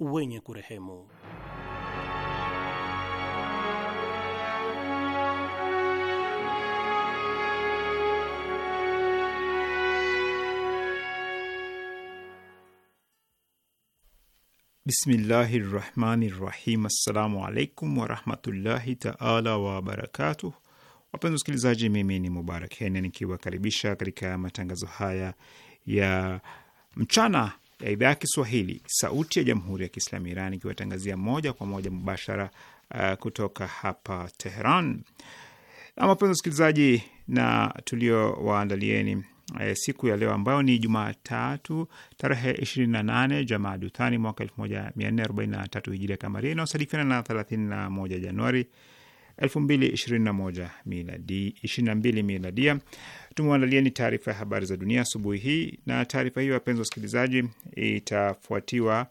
wenye kurehemu. Bismillahi rahmani rahim. Assalamu alaikum warahmatullahi taala wabarakatuh. Wapenzi wasikilizaji, mimi ni Mubarak Hena nikiwakaribisha katika matangazo haya ya mchana ya idhaa ya Kiswahili, Sauti ya Jamhuri ya Kiislamu Iran, ikiwatangazia moja kwa moja mubashara uh, kutoka hapa Teheran. Wapenzi wasikilizaji, na tuliowaandalieni e, siku ya leo ambayo ni Jumatatu tarehe 28 Jamaaduthani mwaka 1443 hijiria kamaria inayosadifiana na 31 Januari 2021 miladi, miladia. Tumewaandalia ni taarifa ya habari za dunia asubuhi hii, na taarifa hiyo, wapenzi wasikilizaji, itafuatiwa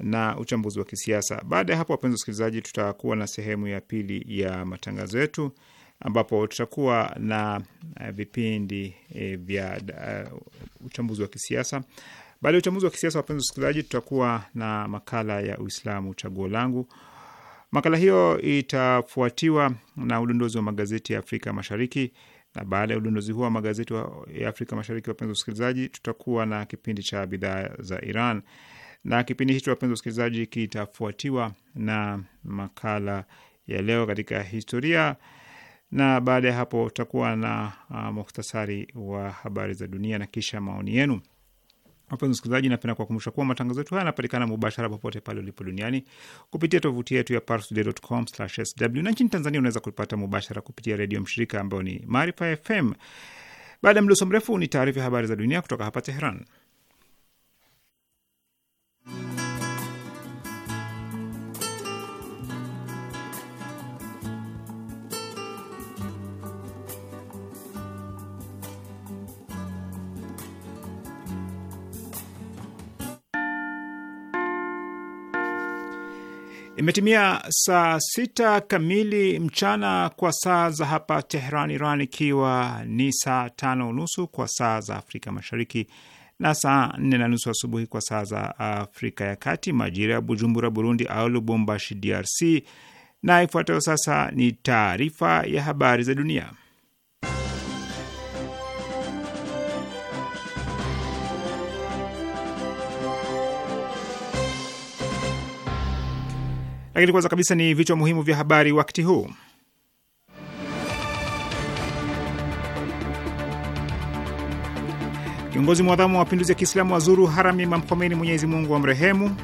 na uchambuzi wa kisiasa. Baada ya hapo, wapenzi wasikilizaji, tutakuwa na sehemu ya pili ya matangazo yetu ambapo tutakuwa na eh, vipindi e, vya uh, uchambuzi wa kisiasa. Baada ya uchambuzi wa kisiasa, wapenzi wasikilizaji, tutakuwa na makala ya Uislamu chaguo langu Makala hiyo itafuatiwa na udondozi wa magazeti ya Afrika Mashariki, na baada ya udondozi huo wa magazeti ya Afrika Mashariki, wapenzi wasikilizaji, tutakuwa na kipindi cha bidhaa za Iran, na kipindi hicho wapenzi wasikilizaji, kitafuatiwa na makala ya leo katika historia, na baada ya hapo tutakuwa na uh, muhtasari wa habari za dunia na kisha maoni yenu. Wapenzi wasikilizaji, napenda kuwakumbusha kuwa matangazo yetu haya yanapatikana mubashara popote pale ulipo duniani kupitia tovuti yetu ya parstoday.com/sw, na nchini Tanzania unaweza kupata mubashara kupitia redio mshirika ambayo ni Maarifa FM. Baada ya mdoso mrefu, ni taarifa ya habari za dunia kutoka hapa Teheran. Imetimia saa sita kamili mchana kwa saa za hapa Tehran, Iran, ikiwa ni saa tano unusu kwa saa za Afrika Mashariki na saa nne na nusu asubuhi kwa saa za Afrika ya Kati, majira ya Bujumbura, Burundi, au Lubumbashi, DRC. Na ifuatayo sasa ni taarifa ya habari za dunia. Lakini kwanza kabisa ni vichwa muhimu vya habari wakati huu. Kiongozi mwadhamu wa mapinduzi ya Kiislamu wazuru haram ya Imam Khomeini, Mwenyezi Mungu wa mrehemu.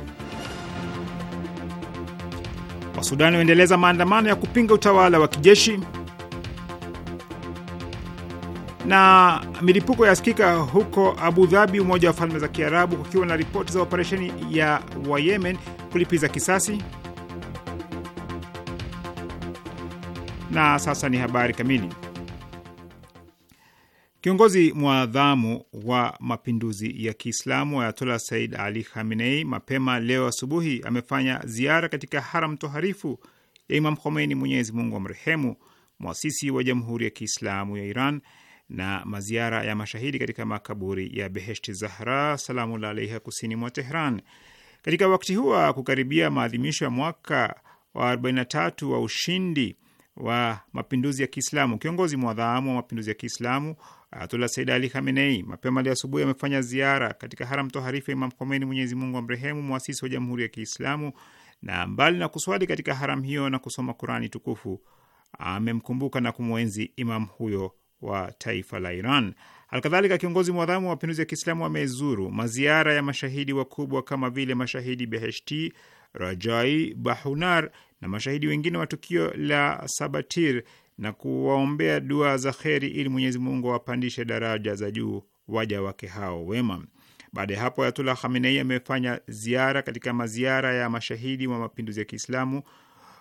Wasudani waendeleza maandamano ya kupinga utawala wa kijeshi na milipuko yasikika huko Abu Dhabi, Umoja wa Falme za Kiarabu, kukiwa na ripoti za operesheni ya Wayemen kulipiza kisasi. Na sasa ni habari kamili. Kiongozi mwadhamu wa mapinduzi ya Kiislamu Ayatola Said Ali Khamenei mapema leo asubuhi amefanya ziara katika haram toharifu ya Imam Khomeini, Mwenyezi Mungu wa mrehemu, mwasisi wa Jamhuri ya Kiislamu ya Iran, na maziara ya mashahidi katika makaburi ya Beheshti Zahra salamullah alaiha, kusini mwa Tehran. Katika wakati huu wa kukaribia maadhimisho ya mwaka wa 43 wa ushindi wa mapinduzi ya Kiislamu. Kiongozi mwadhamu wa mapinduzi ya Kiislamu Ayatullah Said Ali Khamenei mapema leo asubuhi amefanya ziara katika haram toharifu ya Imam Khomeini, Mwenyezi Mungu amrehemu, mwasisi wa Jamhuri ya Kiislamu, na mbali na kuswali katika haram hiyo na kusoma Qurani tukufu amemkumbuka na kumwenzi imam huyo wa taifa la Iran. Alkadhalika, kiongozi mwadhamu wa mapinduzi ya Kiislamu amezuru maziara ya mashahidi wakubwa kama vile mashahidi Beheshti Rajai Bahunar na mashahidi wengine wa tukio la Sabatir na kuwaombea dua za kheri ili Mwenyezi Mungu awapandishe daraja za juu waja wake hao wema. Baada ya hapo, Ayatullah Khamenei amefanya ziara katika maziara ya mashahidi wa mapinduzi ya Kiislamu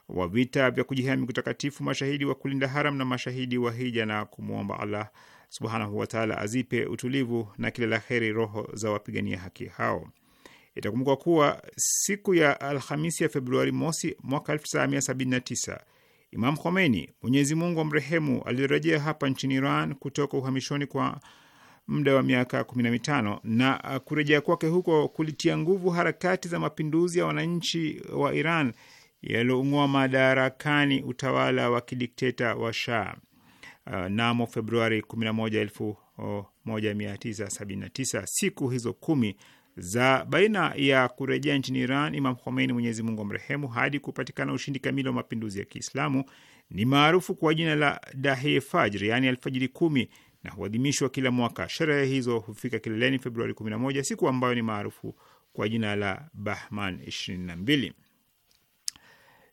wa vita vya kujihami kutakatifu, mashahidi wa kulinda haram na mashahidi wa hija na kumwomba Allah subhanahu wataala azipe utulivu na kila la heri roho za wapigania haki hao. Itakumbukwa kuwa siku ya Alhamisi ya Februari mosi mwaka 1979 Imam Khomeini, Mwenyezi Mungu amrehemu, alirejea hapa nchini Iran kutoka uhamishoni kwa muda wa miaka 15 na kurejea kwake huko kulitia nguvu harakati za mapinduzi ya wananchi wa Iran yaliyoung'oa madarakani utawala wa kidikteta wa Shah uh, namo Februari 11, 1979. Siku hizo kumi za baina ya kurejea nchini Iran Imam Khomeini, Mwenyezi Mungu amrehemu, hadi kupatikana ushindi kamili wa mapinduzi ya Kiislamu ni maarufu kwa jina la Dahiye Fajr, yaani alfajiri kumi, na huadhimishwa kila mwaka. Sherehe hizo hufika kileleni Februari 11, siku ambayo ni maarufu kwa jina la Bahman 22.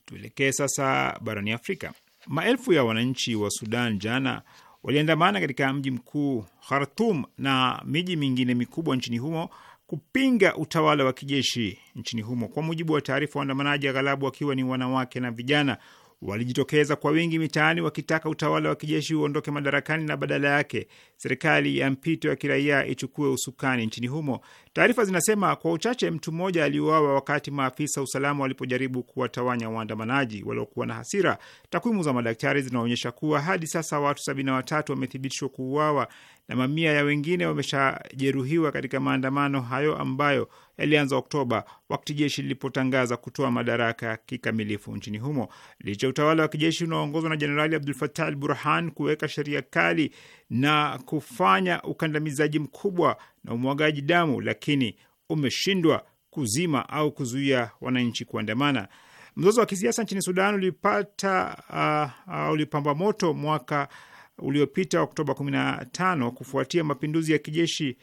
Tuelekee sasa barani Afrika. Maelfu ya wananchi wa Sudan jana waliandamana katika mji mkuu Khartum na miji mingine mikubwa nchini humo kupinga utawala wa kijeshi nchini humo. Kwa mujibu wa taarifa, waandamanaji aghalabu wakiwa ni wanawake na vijana walijitokeza kwa wingi mitaani wakitaka utawala wa kijeshi uondoke madarakani na badala yake serikali ya mpito ya kiraia ichukue usukani nchini humo. Taarifa zinasema kwa uchache mtu mmoja aliuawa wakati maafisa usalama walipojaribu kuwatawanya waandamanaji waliokuwa na hasira. Takwimu za madaktari zinaonyesha kuwa hadi sasa watu sabini na watatu wamethibitishwa kuuawa na mamia ya wengine wameshajeruhiwa katika maandamano hayo ambayo yalianza Oktoba wakati jeshi lilipotangaza kutoa madaraka kikamilifu nchini humo. Licha utawala wa kijeshi unaoongozwa na Jenerali Abdul Fatah al Burhan kuweka sheria kali na kufanya ukandamizaji mkubwa na umwagaji damu, lakini umeshindwa kuzima au kuzuia wananchi kuandamana. Mzozo wa kisiasa nchini Sudan ulipata uh, uh, ulipamba moto mwaka uliopita Oktoba 15 kufuatia mapinduzi ya kijeshi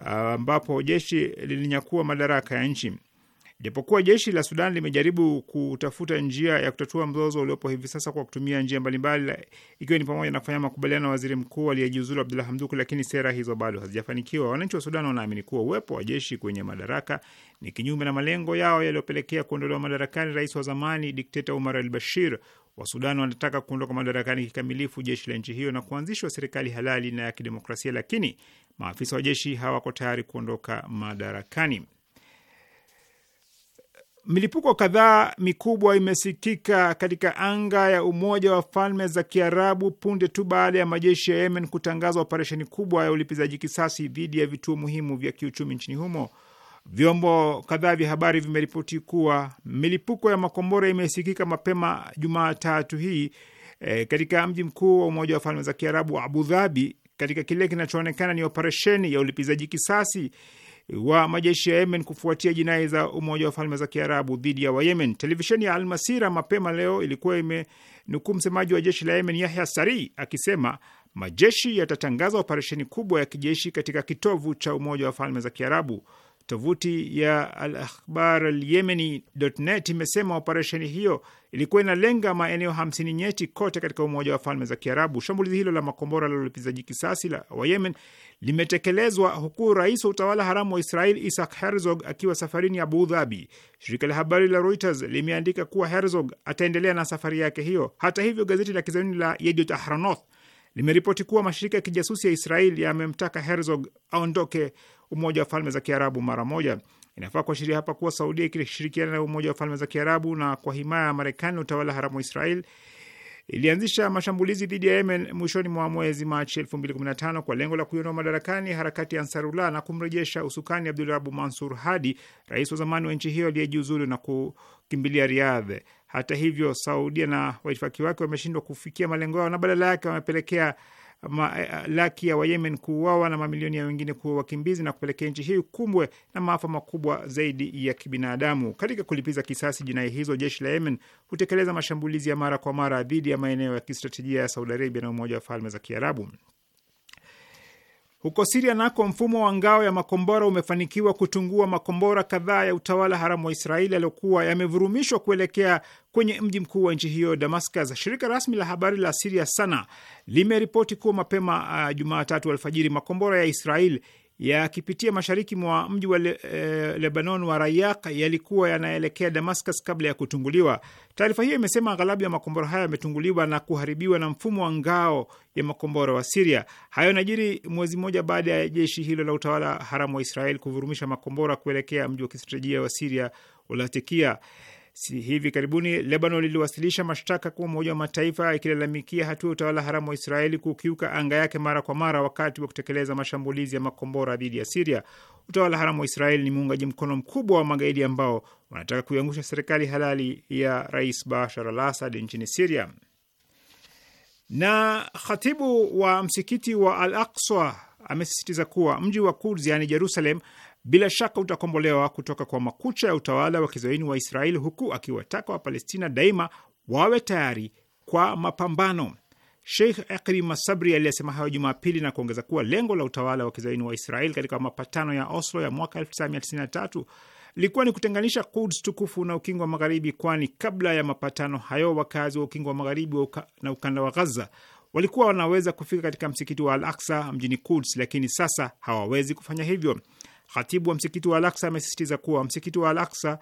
uh, ambapo uh, jeshi lilinyakua madaraka ya nchi. Japokuwa jeshi la Sudan limejaribu kutafuta njia ya kutatua mzozo uliopo hivi sasa kwa kutumia njia mbalimbali, ikiwa ni pamoja na kufanya makubaliano na waziri mkuu aliyejiuzulu Abdullah Hamduk, lakini sera hizo bado hazijafanikiwa. Wananchi wa Sudan wanaamini kuwa uwepo wa jeshi kwenye madaraka ni kinyume na malengo yao yaliyopelekea kuondolewa madarakani rais wa zamani dikteta Umar al Bashir Wasudan wanataka kuondoka madarakani kikamilifu jeshi la nchi hiyo na kuanzishwa serikali halali na ya kidemokrasia, lakini maafisa wa jeshi hawako tayari kuondoka madarakani. Milipuko kadhaa mikubwa imesikika katika anga ya Umoja wa Falme za Kiarabu punde tu baada ya majeshi ya Yemen kutangaza operesheni kubwa ya ulipizaji kisasi dhidi ya vituo muhimu vya kiuchumi nchini humo. Vyombo kadhaa vya habari vimeripoti kuwa milipuko ya makombora imesikika mapema Jumatatu hii e, katika mji mkuu wa Umoja wa Falme za Kiarabu, Abu Dhabi, katika kile kinachoonekana ni operesheni ya ulipizaji kisasi wa majeshi ya Yemen kufuatia jinai za Umoja wa Falme za Kiarabu dhidi ya Wayemen. Televisheni ya Almasira mapema leo ilikuwa imenukuu msemaji wa jeshi la Yemen, Yahya Sari, akisema majeshi yatatangaza operesheni kubwa ya kijeshi katika kitovu cha Umoja wa Falme za Kiarabu. Tovuti ya Alakhbar Al imesema operesheni hiyo ilikuwa inalenga maeneo hamsini nyeti kote katika Umoja wa Falme za Kiarabu. Shambulizi hilo la makombora la ulipizaji kisasi la wa Yemen limetekelezwa huku rais wa utawala haramu wa Israel Isaac Herzog akiwa safarini Abu Dhabi. Shirika la habari la Reuters limeandika kuwa Herzog ataendelea na safari yake hiyo. Hata hivyo, gazeti la kizayuni la Yediot Ahronoth limeripoti kuwa mashirika ya kijasusi ya israel yamemtaka Herzog aondoke Umoja wa Falme za Kiarabu mara moja. Inafaa kuashiria hapa kuwa Saudia ikishirikiana na Umoja wa Falme za Kiarabu na kwa himaya ya Marekani na utawala haramu wa Israel ilianzisha mashambulizi dhidi ya Yemen mwishoni mwa mwezi Machi 2015 kwa lengo la kuiondoa madarakani harakati ya Ansarullah na kumrejesha usukani Abdulabu Mansur Hadi, rais wa zamani wa nchi hiyo aliyejiuzulu na kukimbilia riadhe hata hivyo, Saudia na waitifaki wake wameshindwa kufikia malengo yao na badala yake wamepelekea eh, eh, laki ya Wayemen kuuawa na mamilioni ya wengine kuwa wakimbizi na kupelekea nchi hii kumbwe na maafa makubwa zaidi ya kibinadamu. Katika kulipiza kisasi jinai hizo, jeshi la Yemen hutekeleza mashambulizi ya mara kwa mara dhidi ya maeneo ya kistratejia ya Saudi Arabia na Umoja wa Falme za Kiarabu. Huko Siria nako mfumo wa ngao ya makombora umefanikiwa kutungua makombora kadhaa ya utawala haramu wa Israeli yaliyokuwa yamevurumishwa kuelekea kwenye mji mkuu wa nchi hiyo Damascus. Shirika rasmi la habari la Siria Sana limeripoti kuwa mapema uh, Jumatatu alfajiri makombora ya Israeli yakipitia mashariki mwa mji wa le, e, Lebanon wa Rayak yalikuwa yanaelekea Damascus kabla ya kutunguliwa. Taarifa hiyo imesema aghalabu ya makombora hayo yametunguliwa na kuharibiwa na mfumo wa ngao ya makombora wa Siria. Hayo najiri mwezi mmoja baada ya jeshi hilo la utawala haramu wa Israel kuvurumisha makombora kuelekea mji wa kistratejia wa Siria Ulatikia. Si hivi karibuni Lebanon iliwasilisha mashtaka kwa Umoja wa Mataifa ikilalamikia hatua ya utawala haramu wa Israeli kukiuka anga yake mara kwa mara wakati wa kutekeleza mashambulizi ya makombora dhidi ya Siria. Utawala haramu wa Israeli ni muungaji mkono mkubwa wa magaidi ambao wanataka kuiangusha serikali halali ya Rais Bashar al Assad nchini Siria. Na khatibu wa msikiti wa Al Aqsa amesisitiza kuwa mji wa Kuds yaani Jerusalem bila shaka utakombolewa kutoka kwa makucha ya utawala wa kizaini wa Israeli, huku akiwataka Wapalestina daima wawe tayari kwa mapambano. Sheikh Ikrima Sabri aliyesema hayo Jumapili na kuongeza kuwa lengo la utawala wa kizaini wa Israel katika mapatano ya Oslo ya mwaka 1993 ilikuwa ni kutenganisha kuds tukufu na ukingo wa Magharibi, kwani kabla ya mapatano hayo wakazi wa ukingo wa Magharibi wa uka, na ukanda wa Ghaza walikuwa wanaweza kufika katika msikiti wa Al Aksa mjini kuds lakini sasa hawawezi kufanya hivyo. Khatibu wa msikiti wa Al-Aqsa amesisitiza kuwa msikiti wa Al-Aqsa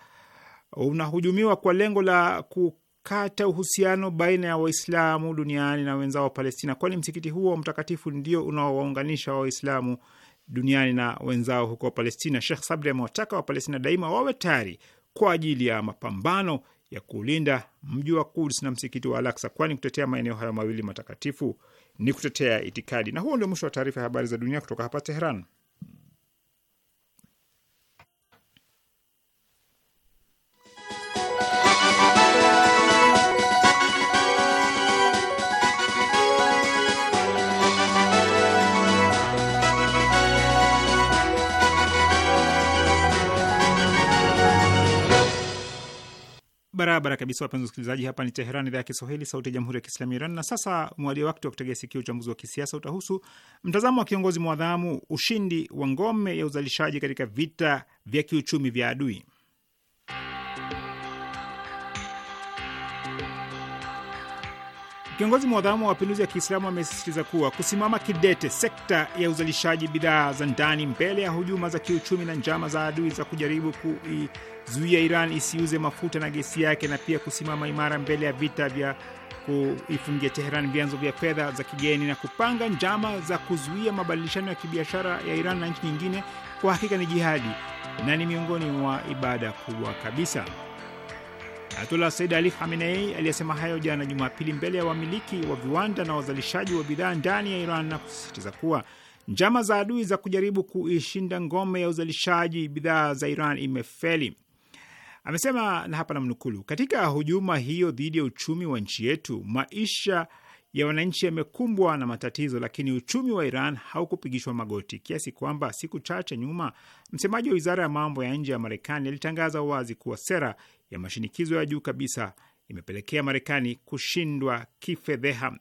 unahujumiwa kwa lengo la kukata uhusiano baina ya Waislamu duniani na wenzao wa Palestina, kwani msikiti huo mtakatifu ndio unaowaunganisha Waislamu duniani na wenzao huko Palestina. Sheikh Sabri amewataka Wapalestina daima wawe tayari kwa ajili ya mapambano ya kulinda mji wa Kuds na msikiti wa Al-Aqsa, kwani kutetea maeneo hayo mawili matakatifu ni kutetea itikadi. Na huo ndio mwisho wa taarifa ya habari za dunia kutoka hapa Teheran. barabara kabisa, wapenzi wasikilizaji, hapa ni Teheran, idhaa ya Kiswahili, sauti ya jamhuri ya kiislamu Iran. Na sasa mwalia wakati wa kutegea sikio. Uchambuzi wa kisiasa utahusu mtazamo wa kiongozi mwadhamu, ushindi wa ngome ya uzalishaji katika vita vya kiuchumi vya adui. Kiongozi mwadhamu wa mapinduzi ya Kiislamu amesisitiza kuwa kusimama kidete sekta ya uzalishaji bidhaa za ndani mbele ya hujuma za kiuchumi na njama za adui za kujaribu kui kuzuia Iran isiuze mafuta na gesi yake na pia kusimama imara mbele ya vita vya kuifungia Teheran vyanzo vya fedha za kigeni na kupanga njama za kuzuia mabadilishano ya kibiashara ya Iran na nchi nyingine, kwa hakika ni jihadi na ni miongoni mwa ibada kubwa kabisa. Ayatullah Said Ali Khamenei aliyesema hayo jana Jumapili mbele ya wamiliki wa viwanda na wazalishaji wa bidhaa ndani ya Iran na kusisitiza kuwa njama za adui za kujaribu kuishinda ngome ya uzalishaji bidhaa za Iran imefeli. Amesema, na hapa namnukulu: katika hujuma hiyo dhidi ya uchumi wa nchi yetu, maisha ya wananchi yamekumbwa na matatizo, lakini uchumi wa Iran haukupigishwa magoti, kiasi kwamba siku chache nyuma msemaji wa wizara ya mambo ya nje ya Marekani alitangaza wazi kuwa sera ya mashinikizo ya juu kabisa imepelekea Marekani kushindwa kifedheha.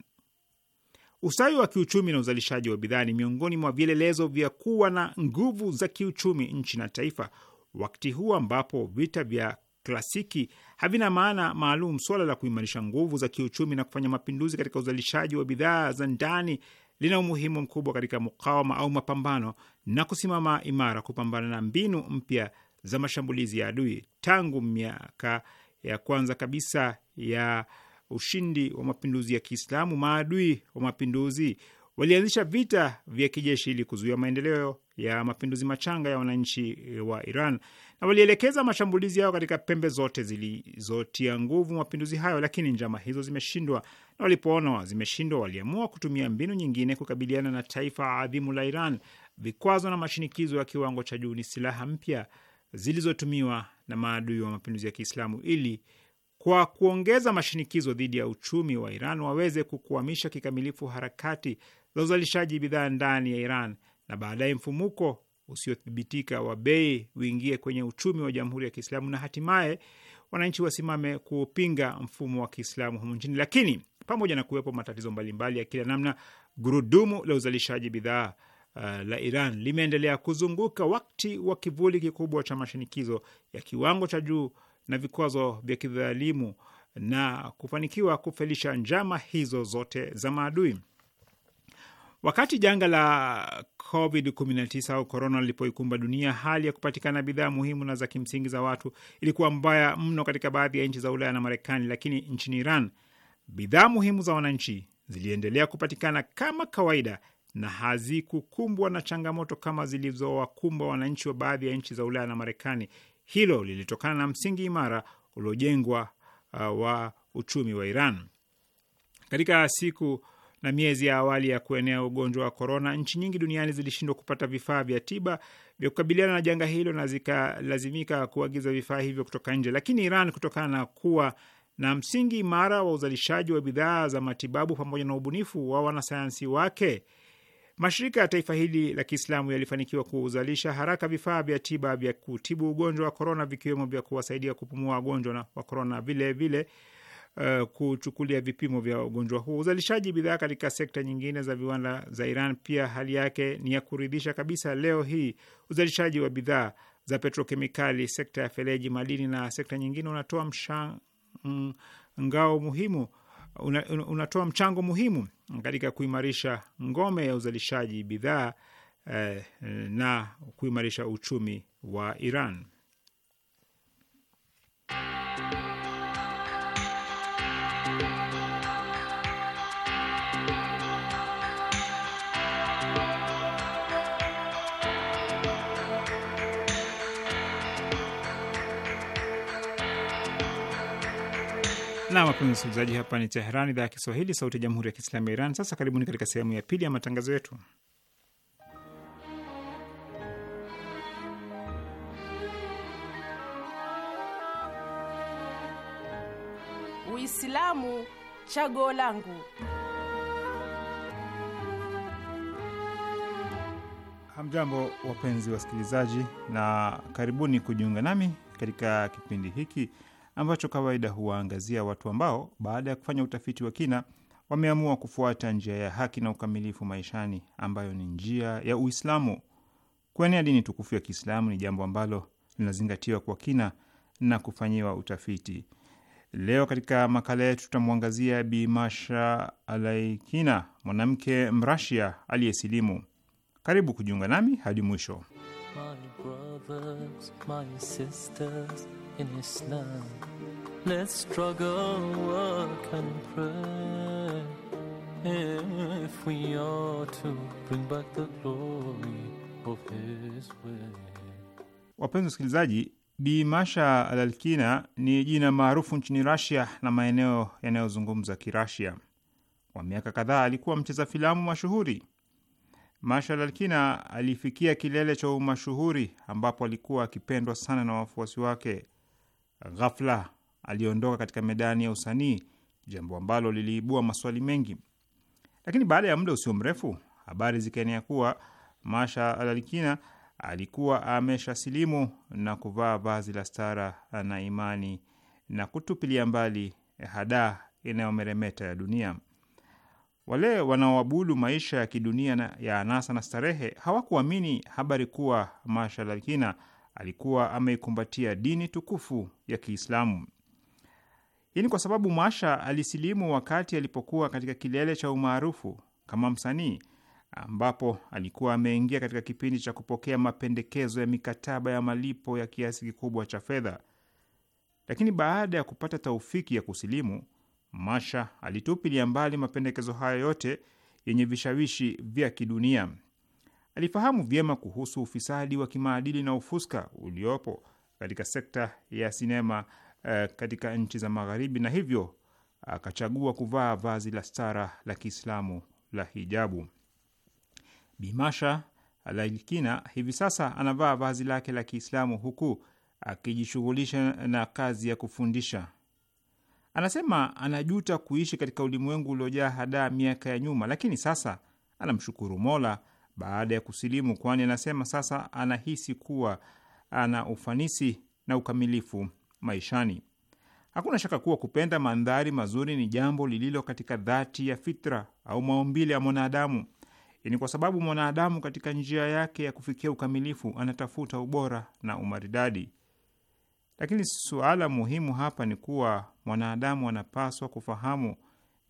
Ustawi wa kiuchumi na uzalishaji wa bidhaa ni miongoni mwa vielelezo vya kuwa na nguvu za kiuchumi nchi na taifa wakati huu ambapo vita vya klasiki havina maana maalum, suala la kuimarisha nguvu za kiuchumi na kufanya mapinduzi katika uzalishaji wa bidhaa za ndani lina umuhimu mkubwa katika mukawama au mapambano na kusimama imara kupambana na mbinu mpya za mashambulizi ya adui. Tangu miaka ya kwanza kabisa ya ushindi wa mapinduzi ya Kiislamu, maadui wa mapinduzi walianzisha vita vya kijeshi ili kuzuia maendeleo ya mapinduzi machanga ya wananchi wa Iran na walielekeza mashambulizi yao katika pembe zote zilizotia nguvu mapinduzi hayo, lakini njama hizo zimeshindwa, na walipoona zimeshindwa, waliamua kutumia mbinu nyingine kukabiliana na taifa adhimu la Iran. Vikwazo na mashinikizo ya kiwango cha juu ni silaha mpya zilizotumiwa na maadui wa mapinduzi ya Kiislamu ili kwa kuongeza mashinikizo dhidi ya uchumi wa Iran waweze kukwamisha kikamilifu harakati za uzalishaji bidhaa ndani ya Iran na baadaye mfumuko usiothibitika wa bei uingie kwenye uchumi wa Jamhuri ya Kiislamu na hatimaye wananchi wasimame kuupinga mfumo wa Kiislamu humu nchini. Lakini pamoja na kuwepo matatizo mbalimbali ya kila namna, gurudumu la uzalishaji bidhaa uh, la Iran limeendelea kuzunguka wakati wa kivuli kikubwa cha mashinikizo ya kiwango cha juu na vikwazo vya kidhalimu na kufanikiwa kufelisha njama hizo zote za maadui. Wakati janga la COVID-19 au korona lilipoikumba dunia, hali ya kupatikana bidhaa muhimu na za kimsingi za watu ilikuwa mbaya mno katika baadhi ya nchi za Ulaya na Marekani, lakini nchini Iran bidhaa muhimu za wananchi ziliendelea kupatikana kama kawaida na hazikukumbwa na changamoto kama zilizowakumba wananchi wa baadhi ya nchi za Ulaya na Marekani. Hilo lilitokana na msingi imara uliojengwa uh, wa uchumi wa Iran. Katika siku na miezi ya awali ya kuenea ugonjwa wa korona, nchi nyingi duniani zilishindwa kupata vifaa vya tiba vya kukabiliana na janga hilo na zikalazimika kuagiza vifaa hivyo kutoka nje. Lakini Iran, kutokana na kuwa na msingi imara wa uzalishaji wa bidhaa za matibabu pamoja na ubunifu wa wanasayansi wake, mashirika ya taifa hili la Kiislamu yalifanikiwa kuzalisha haraka vifaa vya tiba vya kutibu ugonjwa wa korona, vikiwemo vya kuwasaidia kupumua wagonjwa wa korona. Vilevile uh, kuchukulia vipimo vya ugonjwa huu. Uzalishaji bidhaa katika sekta nyingine za viwanda za Iran pia hali yake ni ya kuridhisha kabisa. Leo hii uzalishaji wa bidhaa za petrokemikali, sekta ya feleji, madini na sekta nyingine unatoa mshangao muhimu una, unatoa mchango muhimu katika kuimarisha ngome ya uzalishaji bidhaa eh, na kuimarisha uchumi wa Iran. Nam, wapenzi msikilizaji, hapa ni Teheran, idhaa ya Kiswahili, sauti ya jamhuri ya kiislamu ya Iran. Sasa karibuni katika sehemu ya pili ya matangazo yetu. Uislamu chaguo langu. Hamjambo, wapenzi wasikilizaji, na karibuni kujiunga nami katika kipindi hiki ambacho kawaida huwaangazia watu ambao baada ya kufanya utafiti wa kina wameamua kufuata njia ya haki na ukamilifu maishani ambayo ni njia ya Uislamu. Kuenea dini tukufu ya Kiislamu ni jambo ambalo linazingatiwa kwa kina na kufanyiwa utafiti. Leo katika makala yetu tutamwangazia Bi Masha Alaikina, mwanamke Mrasia aliyesilimu. Karibu kujiunga nami hadi mwisho. My brothers, my sisters in land. Let's struggle, work, and pray. If we are to bring back the glory of His way. Wapenzi wasikilizaji, Bi Masha Alalkina ni jina maarufu nchini Rasia na maeneo yanayozungumza Kirasia. Kwa miaka kadhaa alikuwa mcheza filamu mashuhuri. Masha Alalkina alifikia kilele cha umashuhuri ambapo alikuwa akipendwa sana na wafuasi wake ghafla aliondoka katika medani ya usanii, jambo ambalo liliibua maswali mengi. Lakini baada ya muda usio mrefu, habari zikaenea kuwa Masha Alalikina alikuwa ameshasilimu na kuvaa vazi la stara na imani na kutupilia mbali hadaa inayomeremeta ya dunia. Wale wanaoabudu maisha ya kidunia ya anasa na starehe hawakuamini habari kuwa Masha Alalkina alikuwa ameikumbatia dini tukufu ya Kiislamu. Hii ni kwa sababu masha alisilimu wakati alipokuwa katika kilele cha umaarufu kama msanii, ambapo alikuwa ameingia katika kipindi cha kupokea mapendekezo ya mikataba ya malipo ya kiasi kikubwa cha fedha. Lakini baada ya kupata taufiki ya kusilimu, masha alitupilia mbali mapendekezo hayo yote yenye vishawishi vya kidunia alifahamu vyema kuhusu ufisadi wa kimaadili na ufuska uliopo katika sekta ya sinema uh, katika nchi za Magharibi, na hivyo akachagua uh, kuvaa vazi la stara la Kiislamu la hijabu. Bimasha Alailkina hivi sasa anavaa vazi lake la Kiislamu huku akijishughulisha na kazi ya kufundisha. Anasema anajuta kuishi katika ulimwengu uliojaa hadaa miaka ya nyuma, lakini sasa anamshukuru Mola baada ya kusilimu, kwani anasema sasa anahisi kuwa ana ufanisi na ukamilifu maishani. Hakuna shaka kuwa kupenda mandhari mazuri ni jambo lililo katika dhati ya fitra au maumbile ya mwanadamu. Ni kwa sababu mwanadamu katika njia yake ya kufikia ukamilifu anatafuta ubora na umaridadi. Lakini suala muhimu hapa ni kuwa mwanadamu anapaswa kufahamu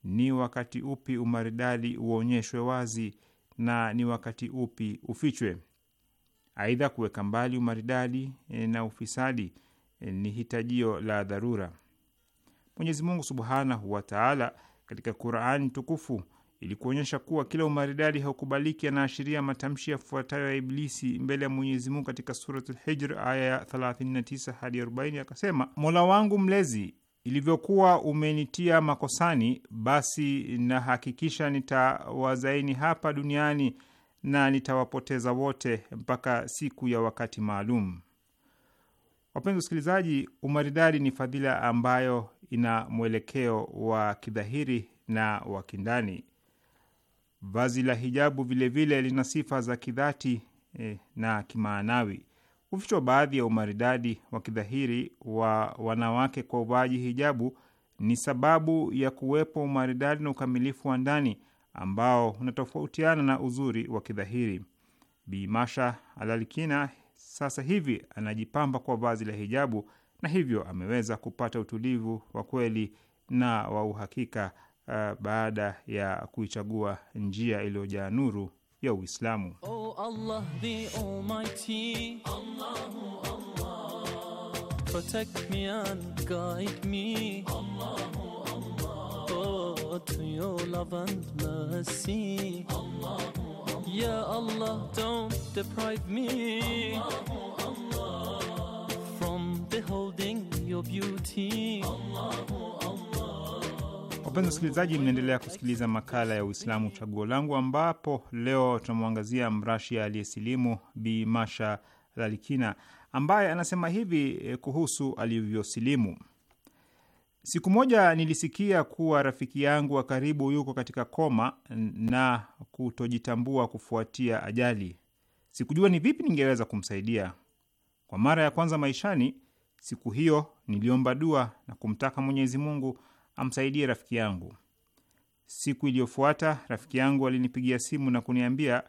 ni wakati upi umaridadi uonyeshwe wazi na ni wakati upi ufichwe. Aidha, kuweka mbali umaridadi e, na ufisadi e, ni hitajio la dharura. Mwenyezi Mungu subhanahu wa taala katika Qurani tukufu ili kuonyesha kuwa kila umaridadi haukubaliki, anaashiria matamshi yafuatayo ya Iblisi mbele ya Mwenyezi Mungu katika Suratul Hijr aya ya 39 hadi 40, akasema: Mola wangu mlezi ilivyokuwa umenitia makosani, basi nahakikisha nitawazaini hapa duniani na nitawapoteza wote mpaka siku ya wakati maalum. Wapenzi wasikilizaji, umaridadi ni fadhila ambayo ina mwelekeo wa kidhahiri na wa kindani. Vazi la hijabu vilevile lina sifa za kidhati eh, na kimaanawi kufichwa baadhi ya umaridadi wa kidhahiri wa wanawake kwa uvaaji hijabu ni sababu ya kuwepo umaridadi na ukamilifu wa ndani ambao unatofautiana na uzuri wa kidhahiri. Bi Masha Alalikina sasa hivi anajipamba kwa vazi la hijabu na hivyo ameweza kupata utulivu wa kweli na wa uhakika uh, baada ya kuichagua njia iliyojaa nuru ya Oh Allah, the Almighty. Protect me and guide me. Oh, to your love and mercy. Allahu Allah. Ya Allah, don't deprive me. From beholding your beauty. Wapenzi wasikilizaji, mnaendelea kusikiliza makala ya Uislamu Chaguo Langu, ambapo leo tunamwangazia mrashia aliyesilimu Bi Masha Lalikina ambaye anasema hivi eh, kuhusu alivyosilimu: Siku moja nilisikia kuwa rafiki yangu wa karibu yuko katika koma na kutojitambua kufuatia ajali. Sikujua ni vipi ningeweza kumsaidia. Kwa mara ya kwanza maishani, siku hiyo niliomba dua na kumtaka Mwenyezi Mungu amsaidie rafiki yangu. Siku iliyofuata rafiki yangu alinipigia simu na kuniambia,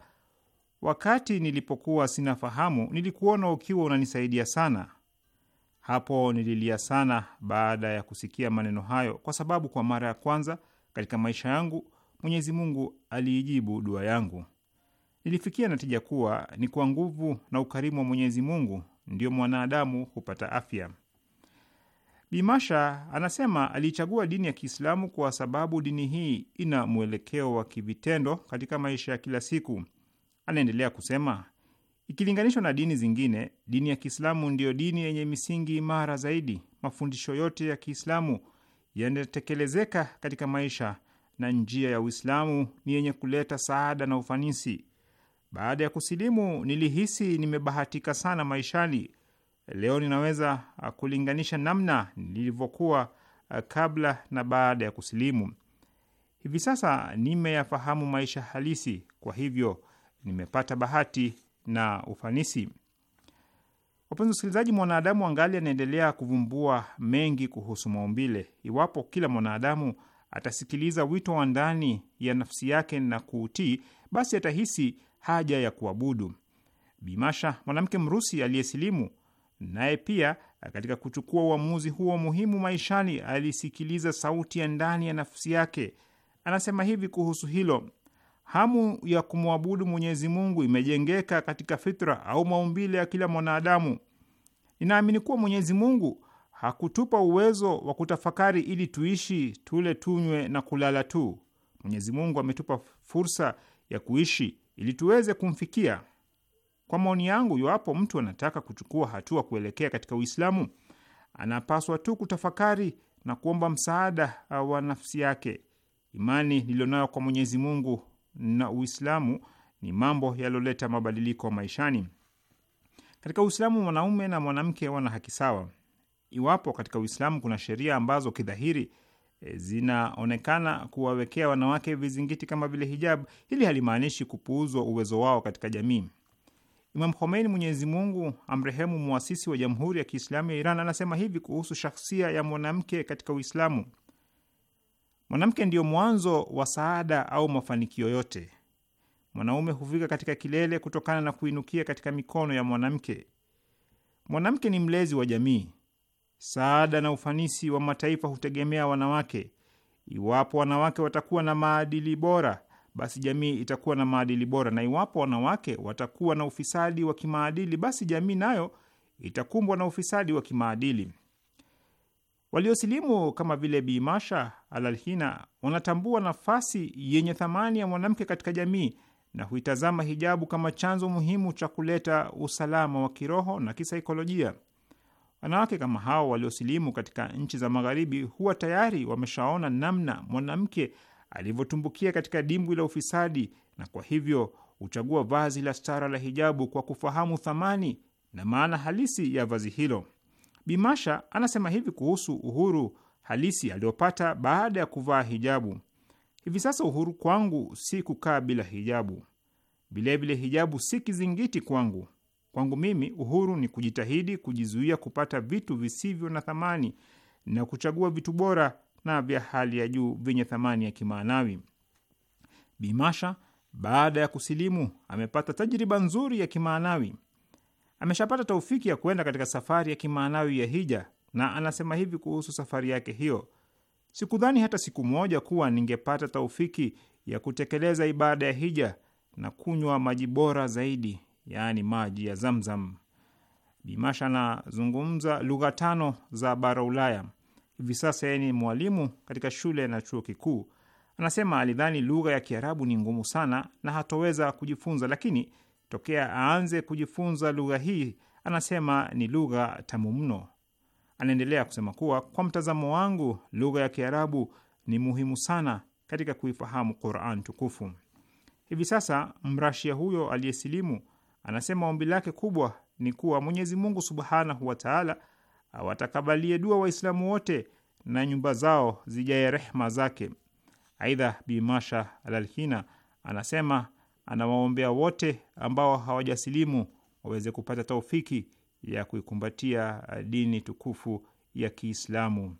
wakati nilipokuwa sina fahamu, nilikuona ukiwa unanisaidia sana. Hapo nililia sana baada ya kusikia maneno hayo, kwa sababu kwa mara ya kwanza katika maisha yangu Mwenyezi Mungu aliijibu dua yangu. Nilifikia natija kuwa ni kwa nguvu na ukarimu wa Mwenyezi Mungu mwanadamu hupata afya. Bimasha anasema aliichagua dini ya Kiislamu kwa sababu dini hii ina mwelekeo wa kivitendo katika maisha ya kila siku. Anaendelea kusema, ikilinganishwa na dini zingine, dini ya Kiislamu ndiyo dini yenye misingi imara zaidi. Mafundisho yote ya Kiislamu yanatekelezeka katika maisha na njia ya Uislamu ni yenye kuleta saada na ufanisi. Baada ya kusilimu, nilihisi nimebahatika sana maishani Leo ninaweza ah, kulinganisha namna nilivyokuwa ah, kabla na baada ya kusilimu. Hivi sasa nimeyafahamu maisha halisi, kwa hivyo nimepata bahati na ufanisi. Wapenzi wasikilizaji, mwanadamu angali anaendelea kuvumbua mengi kuhusu maumbile. Iwapo kila mwanadamu atasikiliza wito wa ndani ya nafsi yake na kuutii, basi atahisi haja ya kuabudu. Bimasha, mwanamke Mrusi aliyesilimu, Naye pia katika kuchukua uamuzi huo muhimu maishani, alisikiliza sauti ya ndani ya nafsi yake. Anasema hivi kuhusu hilo: hamu ya kumwabudu Mwenyezi Mungu imejengeka katika fitra au maumbile ya kila mwanadamu. Ninaamini kuwa Mwenyezi Mungu hakutupa uwezo wa kutafakari ili tuishi, tule, tunywe na kulala tu. Mwenyezi Mungu ametupa fursa ya kuishi ili tuweze kumfikia. Kwa maoni yangu, iwapo mtu anataka kuchukua hatua kuelekea katika Uislamu, anapaswa tu kutafakari na kuomba msaada ah, wa nafsi yake. Imani niliyonayo kwa Mwenyezi Mungu na Uislamu ni mambo yaliyoleta mabadiliko maishani. Katika Uislamu, mwanaume na mwanamke wana haki sawa. Iwapo katika Uislamu kuna sheria ambazo kidhahiri eh, zinaonekana kuwawekea wanawake vizingiti kama vile hijab, hili halimaanishi kupuuzwa uwezo wao katika jamii. Imam Khomeini, Mwenyezi Mungu amrehemu, muasisi wa Jamhuri ya Kiislamu ya Iran, anasema hivi kuhusu shakhsia ya mwanamke katika Uislamu: mwanamke ndiyo mwanzo wa saada au mafanikio yote. Mwanaume hufika katika kilele kutokana na kuinukia katika mikono ya mwanamke. Mwanamke ni mlezi wa jamii. Saada na ufanisi wa mataifa hutegemea wanawake. Iwapo wanawake watakuwa na maadili bora basi jamii itakuwa na maadili bora, na iwapo wanawake watakuwa na ufisadi wa kimaadili, basi jamii nayo itakumbwa na ufisadi wa kimaadili. Waliosilimu kama vile Bi Masha Alalhina wanatambua nafasi yenye thamani ya mwanamke katika jamii na huitazama hijabu kama chanzo muhimu cha kuleta usalama wa kiroho na kisaikolojia. Wanawake kama hao waliosilimu katika nchi za Magharibi huwa tayari wameshaona namna mwanamke alivyotumbukia katika dimbwi la ufisadi na kwa hivyo huchagua vazi la stara la hijabu kwa kufahamu thamani na maana halisi ya vazi hilo. Bimasha anasema hivi kuhusu uhuru halisi aliyopata baada ya kuvaa hijabu: hivi sasa uhuru kwangu si kukaa bila hijabu. Vilevile hijabu si kizingiti kwangu. Kwangu mimi uhuru ni kujitahidi kujizuia kupata vitu visivyo na thamani na kuchagua vitu bora na vya hali ya juu vyenye thamani ya kimaanawi. Bimasha baada ya kusilimu amepata tajriba nzuri ya kimaanawi. Ameshapata taufiki ya kuenda katika safari ya kimaanawi ya hija, na anasema hivi kuhusu safari yake hiyo: sikudhani hata siku moja kuwa ningepata taufiki ya kutekeleza ibada ya hija na kunywa maji bora zaidi, yaani maji ya Zamzam. Bimasha anazungumza lugha tano za bara Ulaya hivi sasa yeye ni mwalimu katika shule na chuo kikuu. Anasema alidhani lugha ya Kiarabu ni ngumu sana na hatoweza kujifunza, lakini tokea aanze kujifunza lugha hii, anasema ni lugha tamu mno. Anaendelea kusema kuwa kwa mtazamo wangu, lugha ya Kiarabu ni muhimu sana katika kuifahamu Quran tukufu. Hivi sasa mrashia huyo aliyesilimu anasema ombi lake kubwa ni kuwa Mwenyezi Mungu subhanahu wataala awatakabalie dua Waislamu wote na nyumba zao zijae rehma zake. Aidha, Bimasha Alalhina anasema anawaombea wote ambao hawajasilimu waweze kupata taufiki ya kuikumbatia dini tukufu ya Kiislamu.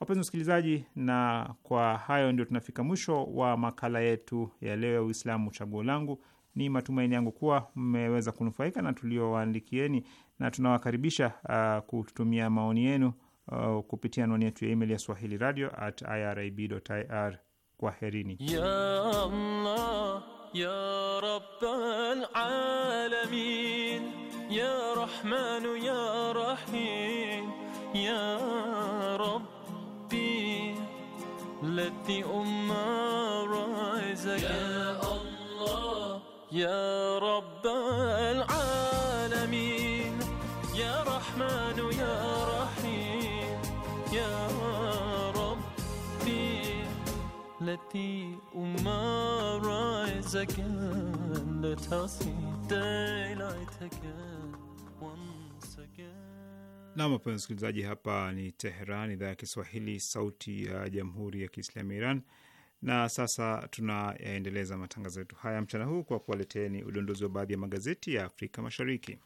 Wapenzi wasikilizaji, na kwa hayo ndio tunafika mwisho wa makala yetu ya leo ya Uislamu Chaguo Langu. Ni matumaini yangu kuwa mmeweza kunufaika na tuliowaandikieni, na tunawakaribisha uh, kututumia maoni yenu uh, kupitia anwani yetu ya email ya swahili radio at irib.ir. Kwa herini ya Rabbal alamin الرحمن يا رحيم يا ربي التي أمارة زكاة لا تصير ديلايتك Nam, wapenzi msikilizaji, hapa ni Teheran, idhaa ya Kiswahili, sauti ya jamhuri ya kiislamu ya Iran. Na sasa tunayaendeleza matangazo yetu haya mchana huu kwa kuwaleteni udondozi wa baadhi ya magazeti ya Afrika Mashariki.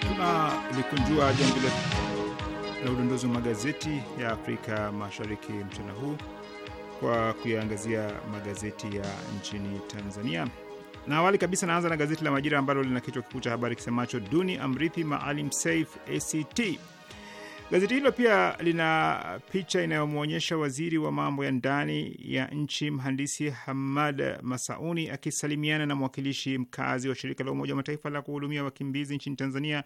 Tunalikunjua jambo la udondozi wa magazeti ya Afrika Mashariki mchana huu kwa kuyaangazia magazeti ya nchini Tanzania. Na awali kabisa naanza na gazeti la Majira ambalo lina kichwa kikuu cha habari kisemacho duni amrithi Maalim Seif ACT. Gazeti hilo pia lina picha inayomwonyesha waziri wa mambo ya ndani ya nchi mhandisi Hamad Masauni akisalimiana na mwakilishi mkazi wa shirika la Umoja wa Mataifa la kuhudumia wakimbizi nchini Tanzania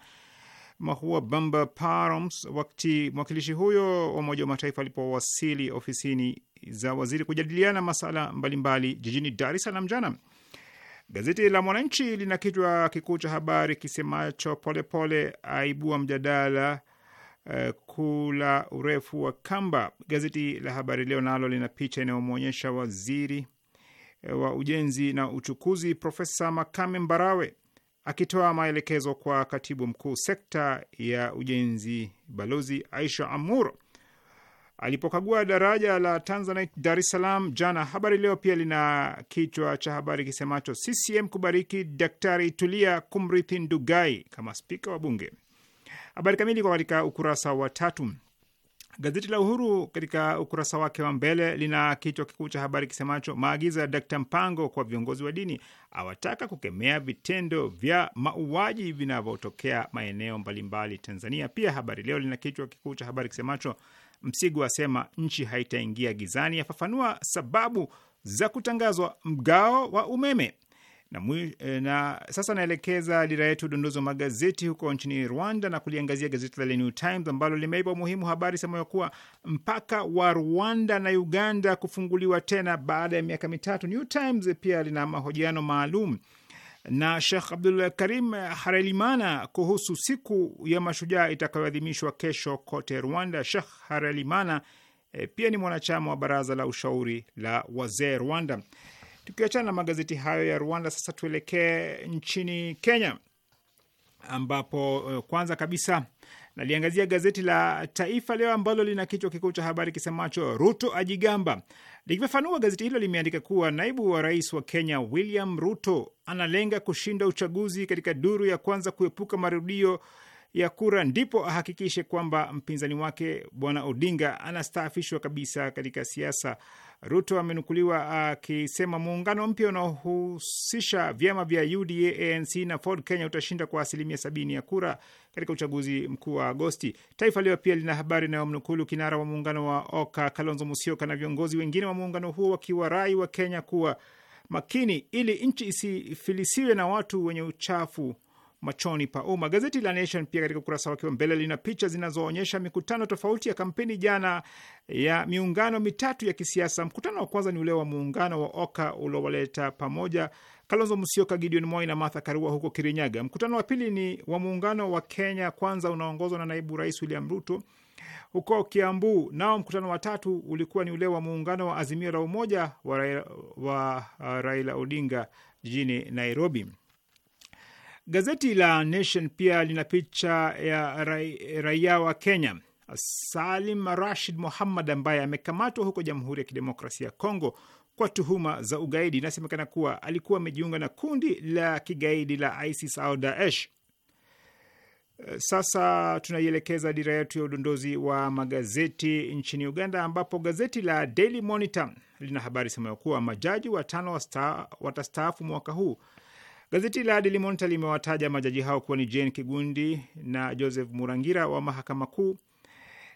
Mahua Bamba Paroms wakati mwakilishi huyo wa Umoja wa Mataifa alipowasili ofisini za waziri kujadiliana masala mbalimbali jijini Dar es Salaam jana. Gazeti la Mwananchi lina kichwa kikuu cha habari kisemacho Polepole aibua mjadala uh, kula urefu wa kamba. Gazeti la Habari Leo nalo lina picha inayomwonyesha waziri eh, wa ujenzi na uchukuzi Profesa Makame Mbarawe akitoa maelekezo kwa katibu mkuu sekta ya ujenzi Balozi Aisha Amuro alipokagua daraja la Tanzanite Dar es Salaam jana. Habari Leo pia lina kichwa cha habari kisemacho CCM kubariki Daktari Tulia kumrithi Ndugai kama spika wa Bunge. Habari kamili kwa katika ukurasa wa tatu. Gazeti la Uhuru katika ukurasa wake wa mbele lina kichwa kikuu cha habari kisemacho maagizo ya Dkt Mpango kwa viongozi wa dini, awataka kukemea vitendo vya mauaji vinavyotokea maeneo mbalimbali Tanzania. Pia Habari Leo lina kichwa kikuu cha habari kisemacho Msigu asema nchi haitaingia gizani, yafafanua sababu za kutangazwa mgao wa umeme na, e, na sasa naelekeza dira yetu udondozi wa magazeti huko nchini Rwanda na kuliangazia gazeti la The New Times ambalo limeipa umuhimu habari semayo kuwa mpaka wa Rwanda na Uganda kufunguliwa tena baada ya miaka mitatu. New Times pia lina mahojiano maalum na Shekh Abdul Karim Harelimana kuhusu siku ya mashujaa itakayoadhimishwa kesho kote Rwanda. Shekh Harelimana e, eh, pia ni mwanachama wa baraza la ushauri la wazee Rwanda. Tukiachana na magazeti hayo ya Rwanda, sasa tuelekee nchini Kenya ambapo eh, kwanza kabisa naliangazia gazeti la Taifa Leo ambalo lina kichwa kikuu cha habari kisemacho Ruto ajigamba Likifafanua, gazeti hilo limeandika kuwa naibu wa rais wa Kenya William Ruto analenga kushinda uchaguzi katika duru ya kwanza, kuepuka marudio ya kura, ndipo ahakikishe kwamba mpinzani wake Bwana Odinga anastaafishwa kabisa katika siasa. Ruto amenukuliwa akisema muungano mpya unaohusisha vyama vya UDA, ANC na Ford Kenya utashinda kwa asilimia sabini ya kura katika uchaguzi mkuu wa Agosti. Taifa Leo pia lina habari inayomnukulu kinara wa muungano wa Oka Kalonzo Musyoka na viongozi wengine wa muungano huo wakiwarai wa Kenya kuwa makini ili nchi isifilisiwe na watu wenye uchafu machoni pa umma. Gazeti la Nation pia katika ukurasa wake wa mbele lina picha zinazoonyesha mikutano tofauti ya kampeni jana ya miungano mitatu ya kisiasa. Mkutano wa kwanza ni ule wa muungano wa Oka uliowaleta pamoja Kalonzo Musyoka, Gideon Moi na Martha Karua huko Kirinyaga. Mkutano wa pili ni wa muungano wa Kenya Kwanza unaoongozwa na naibu rais William Ruto huko Kiambu. Nao mkutano wa tatu ulikuwa ni ule wa muungano wa Azimio la Umoja wa Raila, wa uh, Raila Odinga jijini Nairobi. Gazeti la Nation pia lina picha ya raia wa Kenya Salim Rashid Muhammad ambaye amekamatwa huko Jamhuri ya Kidemokrasia ya Kongo kwa tuhuma za ugaidi. Inasemekana kuwa alikuwa amejiunga na kundi la kigaidi la ISIS au Daesh. Sasa tunaielekeza dira yetu ya udondozi wa magazeti nchini Uganda, ambapo gazeti la Daily Monitor lina habari semayo kuwa majaji watano watastaafu mwaka huu. Gazeti la Daily Monitor limewataja majaji hao kuwa ni Jane Kigundi na Joseph Murangira wa mahakama kuu,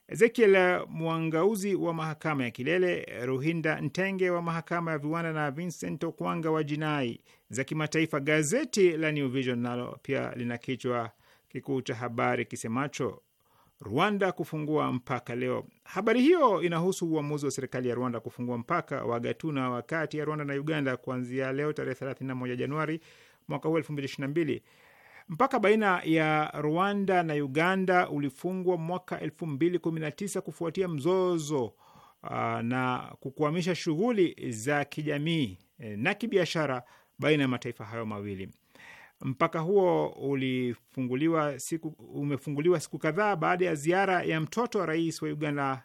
Ezekiel Mwangauzi wa mahakama ya kilele, Ruhinda Ntenge wa mahakama ya viwanda na Vincent Okwanga wa jinai za kimataifa. Gazeti la New Vision nalo pia lina kichwa kikuu cha habari kisemacho Rwanda kufungua mpaka leo. Habari hiyo inahusu uamuzi wa serikali ya Rwanda kufungua mpaka wa Gatuna wakati ya Rwanda na Uganda kuanzia leo tarehe 31 Januari mwaka huu 2022. Mpaka baina ya Rwanda na Uganda ulifungwa mwaka 2019 kufuatia mzozo uh, na kukwamisha shughuli za kijamii eh, na kibiashara baina ya mataifa hayo mawili. Mpaka huo ulifunguliwa siku, umefunguliwa siku kadhaa baada ya ziara ya mtoto wa rais wa Uganda,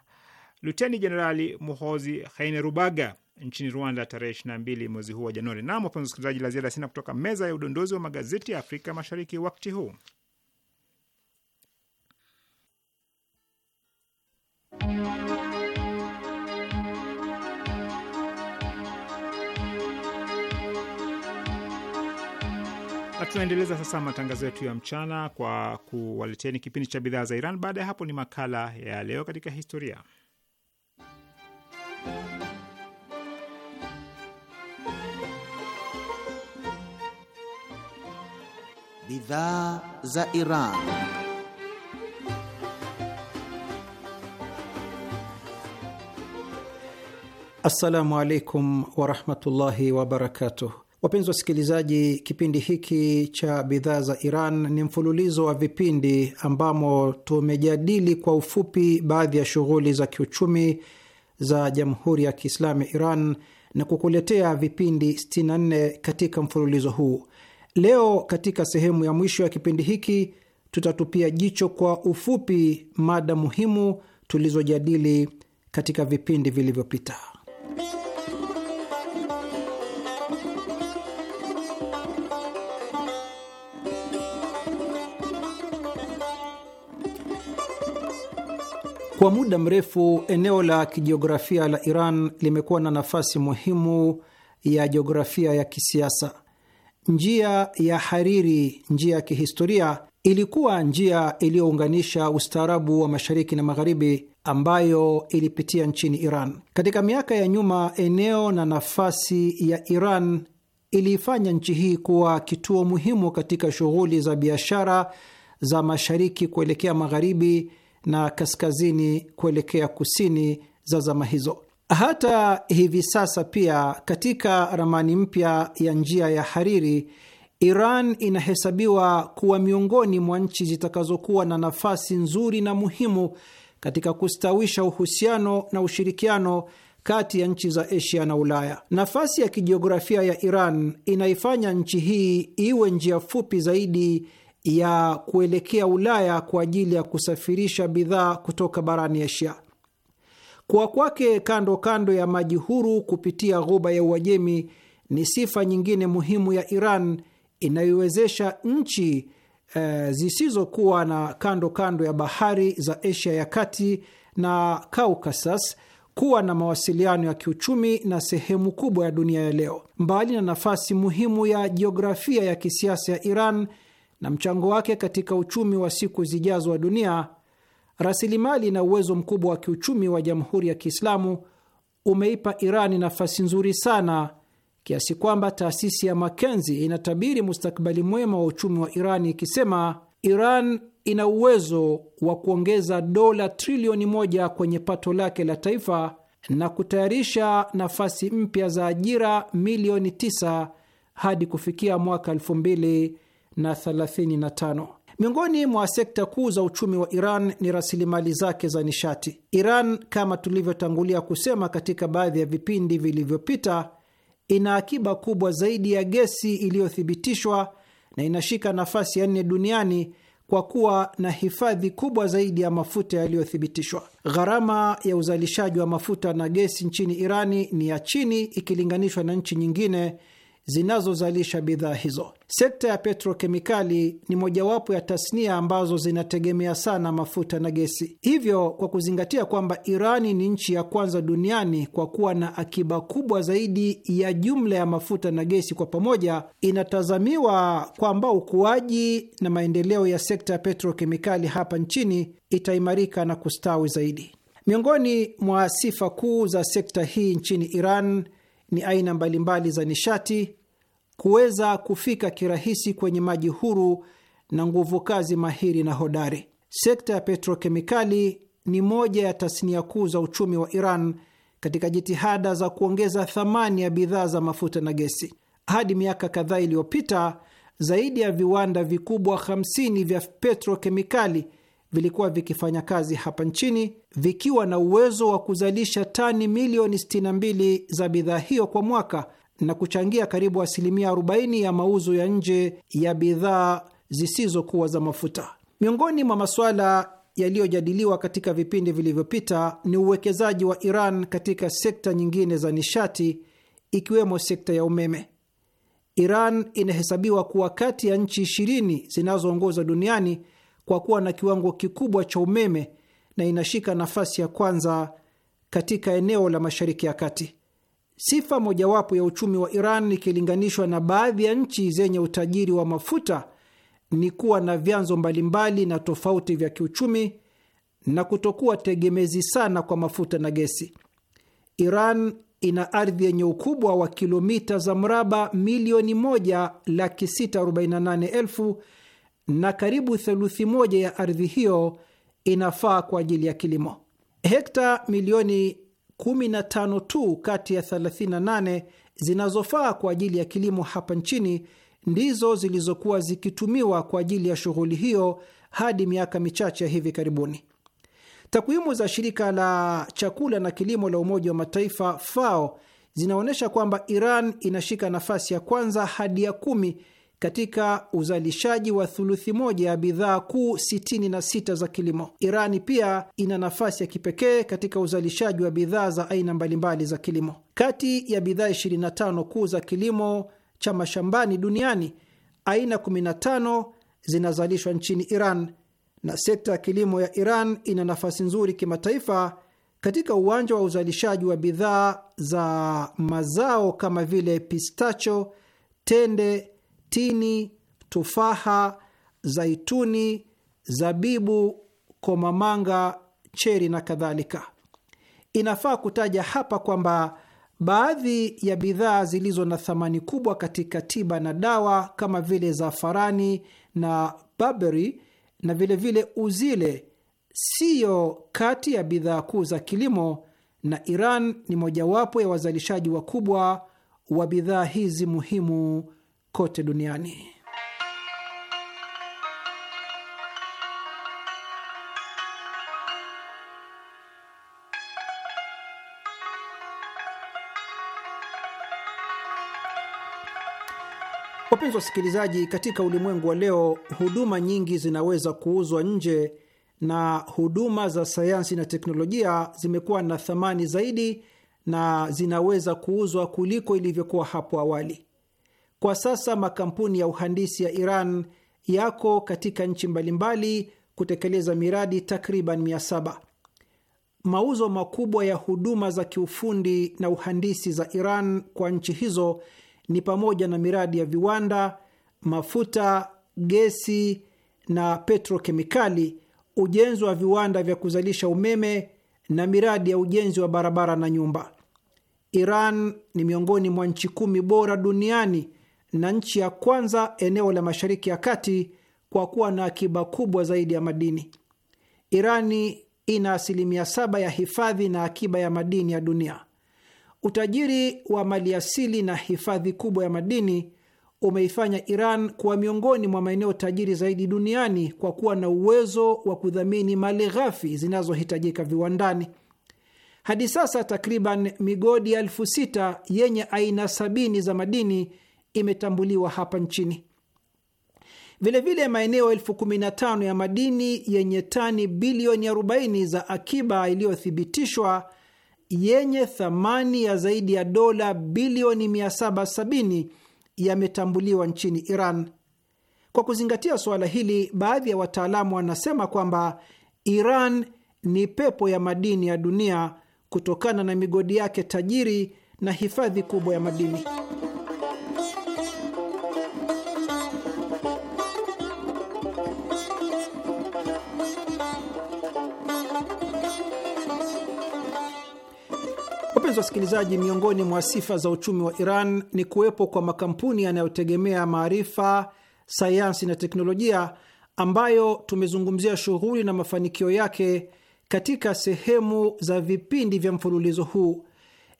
Luteni Jenerali Muhozi Kainerubaga nchini Rwanda tarehe 22 mwezi huu wa Januari. Naam, wapenzi wasikilizaji, la ziada sina kutoka meza ya udondozi wa magazeti ya Afrika Mashariki wakati huu. Tunaendeleza sasa matangazo yetu ya mchana kwa kuwaleteni kipindi cha bidhaa za Iran. Baada ya hapo ni makala ya leo katika historia. Bidhaa za Iran. Assalamu alaikum warahmatullahi wabarakatuh. Wapenzi wasikilizaji, kipindi hiki cha bidhaa za Iran ni mfululizo wa vipindi ambamo tumejadili kwa ufupi baadhi ya shughuli za kiuchumi za Jamhuri ya Kiislamu ya Iran na kukuletea vipindi 64 katika mfululizo huu. Leo katika sehemu ya mwisho ya kipindi hiki tutatupia jicho kwa ufupi mada muhimu tulizojadili katika vipindi vilivyopita. Kwa muda mrefu eneo la kijiografia la Iran limekuwa na nafasi muhimu ya jiografia ya kisiasa. Njia ya hariri, njia ya kihistoria, ilikuwa njia iliyounganisha ustaarabu wa mashariki na magharibi ambayo ilipitia nchini Iran. Katika miaka ya nyuma, eneo na nafasi ya Iran iliifanya nchi hii kuwa kituo muhimu katika shughuli za biashara za mashariki kuelekea magharibi na kaskazini kuelekea kusini za zama hizo. Hata hivi sasa pia, katika ramani mpya ya njia ya hariri, Iran inahesabiwa kuwa miongoni mwa nchi zitakazokuwa na nafasi nzuri na muhimu katika kustawisha uhusiano na ushirikiano kati ya nchi za Asia na Ulaya. Nafasi ya kijiografia ya Iran inaifanya nchi hii iwe njia fupi zaidi ya kuelekea Ulaya kwa ajili ya kusafirisha bidhaa kutoka barani Asia. Kuwa kwake kando kando ya maji huru kupitia ghuba ya Uajemi ni sifa nyingine muhimu ya Iran inayoiwezesha nchi e, zisizokuwa na kando kando ya bahari za Asia ya kati na caucasus kuwa na mawasiliano ya kiuchumi na sehemu kubwa ya dunia ya leo. Mbali na nafasi muhimu ya jiografia ya kisiasa ya Iran na mchango wake katika uchumi wa siku zijazo wa dunia, rasilimali na uwezo mkubwa wa kiuchumi wa Jamhuri ya Kiislamu umeipa Irani nafasi nzuri sana kiasi kwamba taasisi ya Makenzi inatabiri mustakbali mwema wa uchumi wa Irani ikisema Iran ina uwezo wa kuongeza dola trilioni moja kwenye pato lake la taifa na kutayarisha nafasi mpya za ajira milioni tisa hadi kufikia mwaka elfu mbili na thelathini na tano. Miongoni mwa sekta kuu za uchumi wa Iran ni rasilimali zake za nishati. Iran, kama tulivyotangulia kusema katika baadhi ya vipindi vilivyopita, ina akiba kubwa zaidi ya gesi iliyothibitishwa na inashika nafasi ya nne duniani kwa kuwa na hifadhi kubwa zaidi ya mafuta yaliyothibitishwa. Gharama ya uzalishaji wa mafuta na gesi nchini Irani ni ya chini ikilinganishwa na nchi nyingine zinazozalisha bidhaa hizo. Sekta ya petrokemikali ni mojawapo ya tasnia ambazo zinategemea sana mafuta na gesi. Hivyo, kwa kuzingatia kwamba Irani ni nchi ya kwanza duniani kwa kuwa na akiba kubwa zaidi ya jumla ya mafuta na gesi kwa pamoja, inatazamiwa kwamba ukuaji na maendeleo ya sekta ya petrokemikali hapa nchini itaimarika na kustawi zaidi. Miongoni mwa sifa kuu za sekta hii nchini Iran ni aina mbalimbali za nishati, kuweza kufika kirahisi kwenye maji huru na nguvu kazi mahiri na hodari. Sekta ya petrokemikali ni moja ya tasnia kuu za uchumi wa Iran katika jitihada za kuongeza thamani ya bidhaa za mafuta na gesi. Hadi miaka kadhaa iliyopita, zaidi ya viwanda vikubwa 50 vya petrokemikali vilikuwa vikifanya kazi hapa nchini vikiwa na uwezo wa kuzalisha tani milioni 62 za bidhaa hiyo kwa mwaka na kuchangia karibu asilimia 40 ya mauzo ya nje ya bidhaa zisizokuwa za mafuta. Miongoni mwa masuala yaliyojadiliwa katika vipindi vilivyopita ni uwekezaji wa Iran katika sekta nyingine za nishati ikiwemo sekta ya umeme. Iran inahesabiwa kuwa kati ya nchi ishirini zinazoongoza duniani kwa kuwa na kiwango kikubwa cha umeme na inashika nafasi ya kwanza katika eneo la Mashariki ya Kati. Sifa mojawapo ya uchumi wa Iran ikilinganishwa na baadhi ya nchi zenye utajiri wa mafuta ni kuwa na vyanzo mbalimbali na tofauti vya kiuchumi na kutokuwa tegemezi sana kwa mafuta na gesi. Iran ina ardhi yenye ukubwa wa kilomita za mraba milioni moja laki sita arobaini na nane elfu na karibu theluthi moja ya ardhi hiyo inafaa kwa ajili ya kilimo. Hekta milioni 15 tu kati ya 38 zinazofaa kwa ajili ya kilimo hapa nchini ndizo zilizokuwa zikitumiwa kwa ajili ya shughuli hiyo hadi miaka michache hivi karibuni. Takwimu za shirika la chakula na kilimo la Umoja wa Mataifa FAO zinaonyesha kwamba Iran inashika nafasi ya kwanza hadi ya kumi katika uzalishaji wa thuluthi moja ya bidhaa kuu 66 za kilimo. Irani pia ina nafasi ya kipekee katika uzalishaji wa bidhaa za aina mbalimbali za kilimo. Kati ya bidhaa 25 kuu za kilimo cha mashambani duniani, aina 15 zinazalishwa nchini Iran na sekta ya kilimo ya Iran ina nafasi nzuri kimataifa katika uwanja wa uzalishaji wa bidhaa za mazao kama vile pistacho, tende tini, tufaha, zaituni, zabibu, komamanga, cheri na kadhalika. Inafaa kutaja hapa kwamba baadhi ya bidhaa zilizo na thamani kubwa katika tiba na dawa kama vile zafarani na baberi na vilevile vile uzile siyo kati ya bidhaa kuu za kilimo, na Iran ni mojawapo ya wazalishaji wakubwa wa bidhaa hizi muhimu kote duniani. Wapenzi wasikilizaji, katika ulimwengu wa leo, huduma nyingi zinaweza kuuzwa nje na huduma za sayansi na teknolojia zimekuwa na thamani zaidi na zinaweza kuuzwa kuliko ilivyokuwa hapo awali. Kwa sasa makampuni ya uhandisi ya Iran yako katika nchi mbalimbali kutekeleza miradi takriban mia Mauzo makubwa ya huduma za kiufundi na uhandisi za Iran kwa nchi hizo ni pamoja na miradi ya viwanda, mafuta, gesi na petrokemikali, ujenzi wa viwanda vya kuzalisha umeme na miradi ya ujenzi wa barabara na nyumba. Iran ni miongoni mwa nchi kumi bora duniani na nchi ya kwanza eneo la Mashariki ya Kati kwa kuwa na akiba kubwa zaidi ya madini. Irani ina asilimia saba ya hifadhi na akiba ya madini ya dunia. Utajiri wa maliasili na hifadhi kubwa ya madini umeifanya Iran kuwa miongoni mwa maeneo tajiri zaidi duniani kwa kuwa na uwezo wa kudhamini mali ghafi zinazohitajika viwandani. Hadi sasa takriban migodi elfu sita yenye aina sabini za madini imetambuliwa hapa nchini. Vilevile, maeneo elfu kumi na tano ya madini yenye tani bilioni 40 za akiba iliyothibitishwa yenye thamani ya zaidi ya dola bilioni 770 yametambuliwa nchini Iran. Kwa kuzingatia suala hili, baadhi ya wataalamu wanasema kwamba Iran ni pepo ya madini ya dunia kutokana na migodi yake tajiri na hifadhi kubwa ya madini. Wapenzi wasikilizaji, miongoni mwa sifa za uchumi wa Iran ni kuwepo kwa makampuni yanayotegemea maarifa, sayansi na teknolojia ambayo tumezungumzia shughuli na mafanikio yake katika sehemu za vipindi vya mfululizo huu.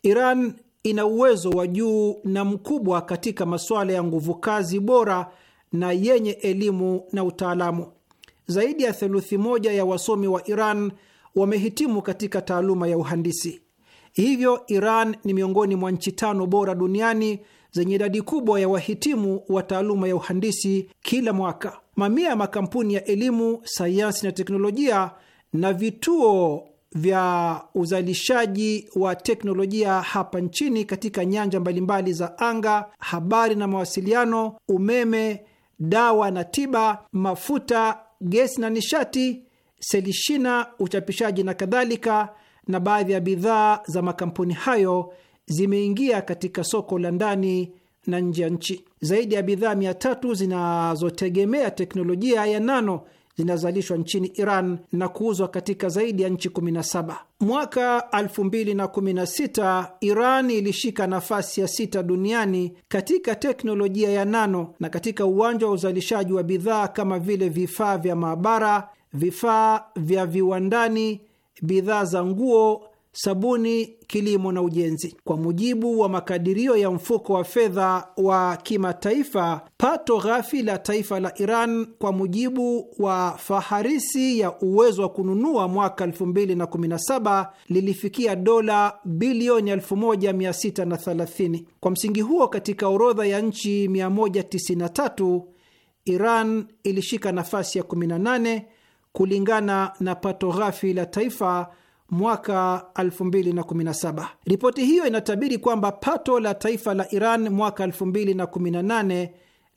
Iran ina uwezo wa juu na mkubwa katika masuala ya nguvu kazi bora na yenye elimu na utaalamu. Zaidi ya theluthi moja ya wasomi wa Iran wamehitimu katika taaluma ya uhandisi. Hivyo Iran ni miongoni mwa nchi tano bora duniani zenye idadi kubwa ya wahitimu wa taaluma ya uhandisi kila mwaka. Mamia ya makampuni ya elimu, sayansi na teknolojia na vituo vya uzalishaji wa teknolojia hapa nchini katika nyanja mbalimbali za anga, habari na mawasiliano, umeme, dawa na tiba, mafuta, gesi na nishati, selishina, uchapishaji na kadhalika na baadhi ya bidhaa za makampuni hayo zimeingia katika soko la ndani na nje ya nchi. Zaidi ya bidhaa mia tatu zinazotegemea teknolojia ya nano zinazalishwa nchini Iran na kuuzwa katika zaidi ya nchi 17. Mwaka 2016 Iran ilishika nafasi ya sita duniani katika teknolojia ya nano na katika uwanja wa uzalishaji wa bidhaa kama vile vifaa vya maabara, vifaa vya viwandani bidhaa za nguo, sabuni, kilimo na ujenzi. Kwa mujibu wa makadirio ya mfuko wa fedha wa kimataifa, pato ghafi la taifa la Iran kwa mujibu wa faharisi ya uwezo wa kununua mwaka 2017 lilifikia dola bilioni 1630. Kwa msingi huo, katika orodha ya nchi 193 Iran ilishika nafasi ya 18 kulingana na pato ghafi la taifa mwaka 2017. Ripoti hiyo inatabiri kwamba pato la taifa la Iran mwaka 2018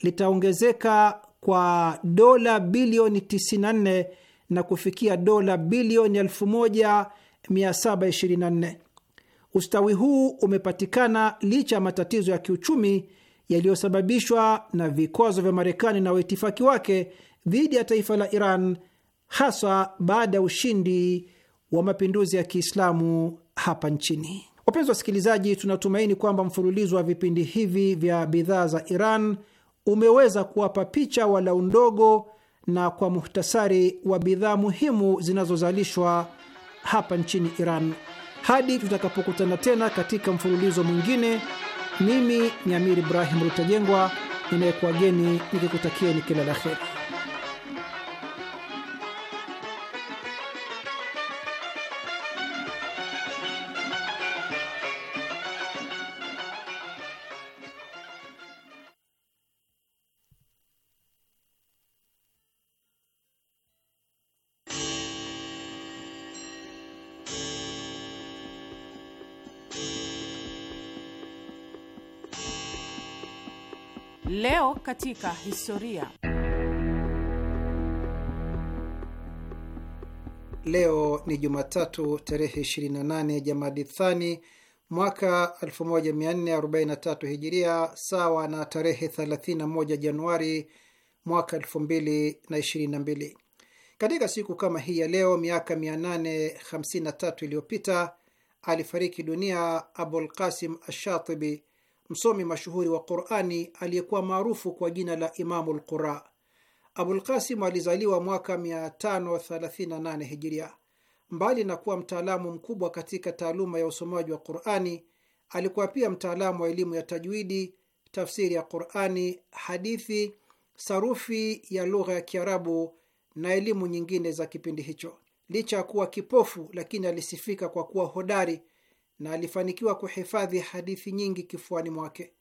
litaongezeka kwa dola bilioni 94 na kufikia dola bilioni 1724. Ustawi huu umepatikana licha ya matatizo ya kiuchumi yaliyosababishwa na vikwazo vya Marekani na waitifaki wake dhidi ya taifa la Iran haswa baada ya ushindi wa mapinduzi ya Kiislamu hapa nchini. Wapenzi wasikilizaji, tunatumaini kwamba mfululizo wa vipindi hivi vya bidhaa za Iran umeweza kuwapa picha walau ndogo na kwa muhtasari wa bidhaa muhimu zinazozalishwa hapa nchini Iran. Hadi tutakapokutana tena katika mfululizo mwingine, mimi ni Amir Ibrahim Rutajengwa ninayekuwageni nikikutakieni kila la heri. Leo katika historia. Leo ni Jumatatu tarehe 28 Jamadi Thani mwaka 1443 Hijiria, sawa na tarehe 31 Januari mwaka 2022. Katika siku kama hii ya leo miaka 853 iliyopita alifariki dunia Abul Qasim Ashatibi, msomi mashuhuri wa Qurani aliyekuwa maarufu kwa jina la Imamu lqura. Abulkasim alizaliwa mwaka 538 Hijiria. Mbali na kuwa mtaalamu mkubwa katika taaluma ya usomaji wa Qurani, alikuwa pia mtaalamu wa elimu ya tajwidi, tafsiri ya Qurani, hadithi, sarufi ya lugha ya Kiarabu na elimu nyingine za kipindi hicho. Licha ya kuwa kipofu, lakini alisifika kwa kuwa hodari na alifanikiwa kuhifadhi hadithi nyingi kifuani mwake.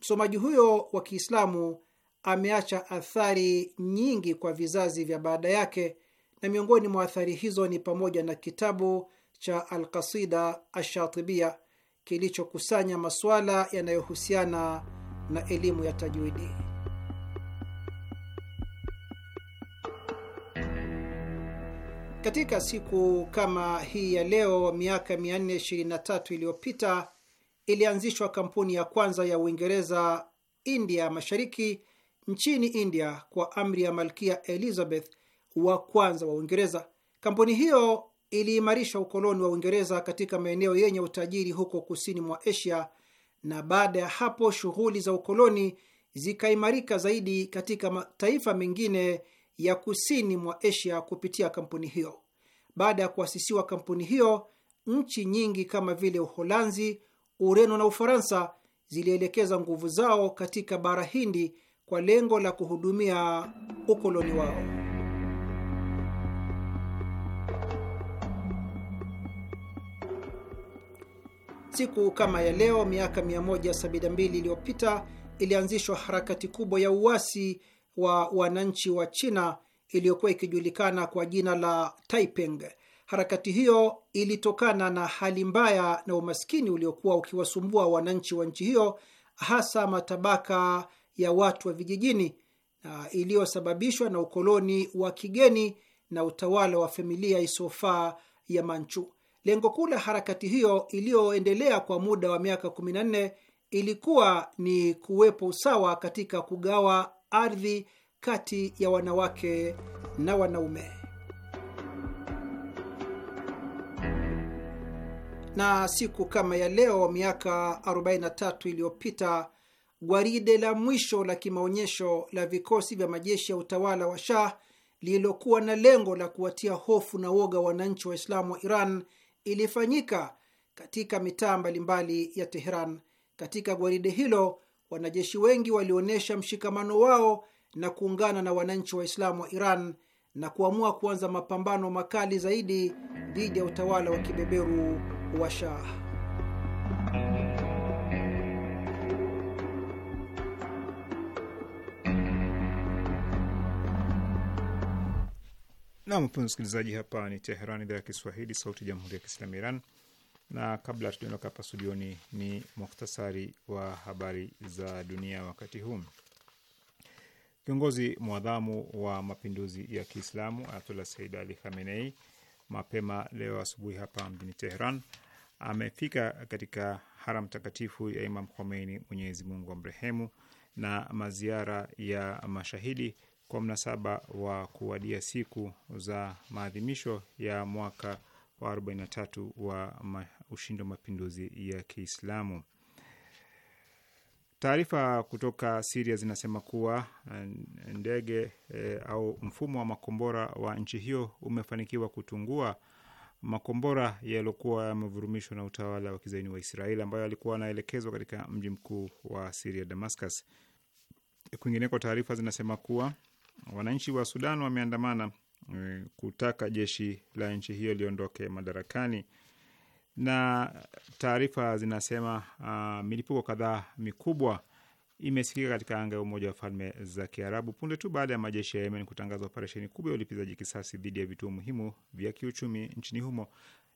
Msomaji huyo wa Kiislamu ameacha athari nyingi kwa vizazi vya baada yake, na miongoni mwa athari hizo ni pamoja na kitabu cha alkasida Ashatibia kilichokusanya masuala yanayohusiana na elimu ya tajwidi. Katika siku kama hii ya leo miaka 423 iliyopita ilianzishwa kampuni ya kwanza ya Uingereza India Mashariki nchini India kwa amri ya Malkia Elizabeth wa kwanza wa Uingereza. Kampuni hiyo iliimarisha ukoloni wa Uingereza katika maeneo yenye utajiri huko kusini mwa Asia, na baada ya hapo shughuli za ukoloni zikaimarika zaidi katika mataifa mengine ya kusini mwa Asia kupitia kampuni hiyo. Baada ya kuasisiwa kampuni hiyo, nchi nyingi kama vile Uholanzi, Ureno na Ufaransa zilielekeza nguvu zao katika bara Hindi kwa lengo la kuhudumia ukoloni wao. Siku kama ya leo miaka 172 iliyopita ilianzishwa harakati kubwa ya uasi wa wananchi wa China iliyokuwa ikijulikana kwa jina la Taiping. Harakati hiyo ilitokana na hali mbaya na umaskini uliokuwa ukiwasumbua wananchi wa nchi hiyo, hasa matabaka ya watu wa vijijini, na iliyosababishwa na ukoloni wa kigeni na utawala wa familia isofaa ya Manchu. Lengo kuu la harakati hiyo iliyoendelea kwa muda wa miaka 14 ilikuwa ni kuwepo usawa katika kugawa ardhi kati ya wanawake na wanaume. Na siku kama ya leo miaka 43 iliyopita gwaride la mwisho la kimaonyesho la vikosi vya majeshi ya utawala wa Shah lililokuwa na lengo la kuwatia hofu na woga wananchi wa islamu wa Iran ilifanyika katika mitaa mbalimbali ya Teheran. Katika gwaride hilo wanajeshi wengi walionyesha mshikamano wao na kuungana na wananchi Waislamu wa Iran na kuamua kuanza mapambano makali zaidi dhidi ya utawala wa kibeberu wa Shah. Nam msikilizaji, hapa ni teheran idhaa ya Kiswahili, sauti ya jamhuri ya kiislamu Iran na kabla tujaondoka hapa studioni, ni muhtasari wa habari za dunia wakati huu. Kiongozi mwadhamu wa mapinduzi ya Kiislamu Ayatullah Sayyid Ali Khamenei mapema leo asubuhi hapa mjini Tehran amefika katika haram takatifu ya Imam Khomeini, Mwenyezi Mungu amrehemu, na maziara ya mashahidi kwa mnasaba wa kuwadia siku za maadhimisho ya mwaka wa 43 wa ushindi wa mapinduzi ya Kiislamu. Taarifa kutoka Siria zinasema kuwa eh, ndege e, au mfumo wa makombora wa nchi hiyo umefanikiwa kutungua makombora yaliyokuwa yamevurumishwa na utawala wa kizaini wa Israeli ambayo alikuwa anaelekezwa katika mji mkuu wa Siria, Damascus. Kwingineko, taarifa zinasema kuwa wananchi wa Sudan wameandamana eh, kutaka jeshi la nchi hiyo liondoke madarakani na taarifa zinasema uh, milipuko kadhaa mikubwa imesikika katika anga ya Umoja wa Falme za Kiarabu punde tu baada ya majeshi ya Yemen kutangaza operesheni kubwa ya ulipizaji kisasi dhidi ya vituo muhimu vya kiuchumi nchini humo.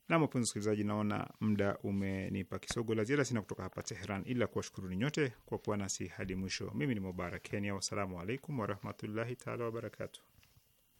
Na mapenzi msikilizaji, naona muda umenipa kisogo. La ziada sina kutoka hapa Teheran, ila kuwashukuruni nyote kwa kuwa nasi hadi mwisho. Mimi ni Mubarak Kenya, wassalamu alaikum warahmatullahi taala wabarakatu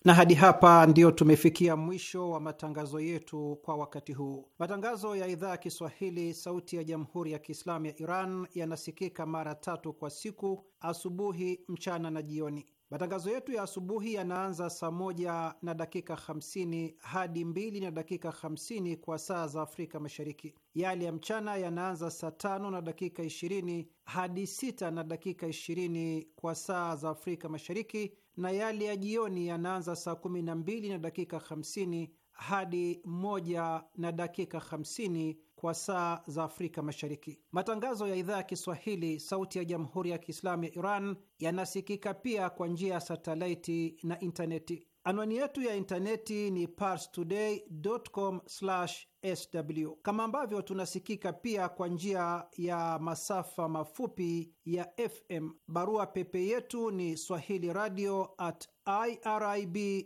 na hadi hapa ndiyo tumefikia mwisho wa matangazo yetu kwa wakati huu. Matangazo ya idhaa ya Kiswahili sauti ya jamhuri ya Kiislamu ya Iran yanasikika mara tatu kwa siku: asubuhi, mchana na jioni. Matangazo yetu ya asubuhi yanaanza saa moja na dakika 50 hadi mbili na dakika 50 kwa saa za Afrika Mashariki. Yale ya mchana yanaanza saa tano na dakika 20 hadi sita na dakika 20 kwa saa za Afrika Mashariki na yale ya jioni yanaanza saa kumi na mbili na dakika hamsini hadi moja na dakika hamsini kwa saa za Afrika Mashariki. Matangazo ya idhaa ya Kiswahili sauti ya Jamhuri ya Kiislamu ya Iran yanasikika pia kwa njia ya satelaiti na intaneti. Anwani yetu ya intaneti ni parstoday.com/sw, kama ambavyo tunasikika pia kwa njia ya masafa mafupi ya FM. Barua pepe yetu ni swahili radio at irib ir.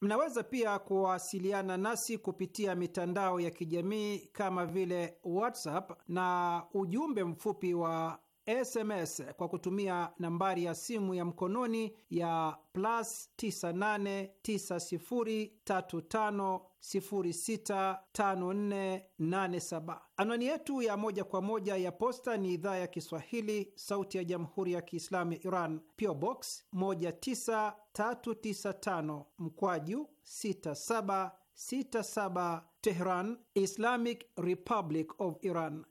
Mnaweza pia kuwasiliana nasi kupitia mitandao ya kijamii kama vile WhatsApp na ujumbe mfupi wa SMS kwa kutumia nambari ya simu ya mkononi ya plus 989035065487. Anwani yetu ya moja kwa moja ya posta ni idhaa ya Kiswahili, sauti ya jamhuri ya kiislamu ya Iran, PO Box 19395 mkwaju 6767 Tehran, Islamic Republic of Iran.